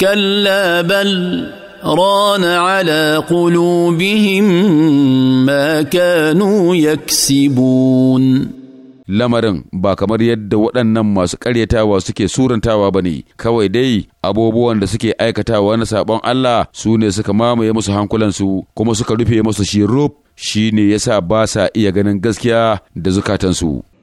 كلا بل ران على قلوبهم ما كانوا يكسبون lamarin ba kamar yadda waɗannan masu ƙaryatawa suke surantawa ba ne kawai dai abubuwan da suke aikatawa na saɓon Allah su ne suka mamaye musu hankulansu kuma suka rufe musu shi rub shi ne yasa ba sa iya ganin gaskiya da zukatansu.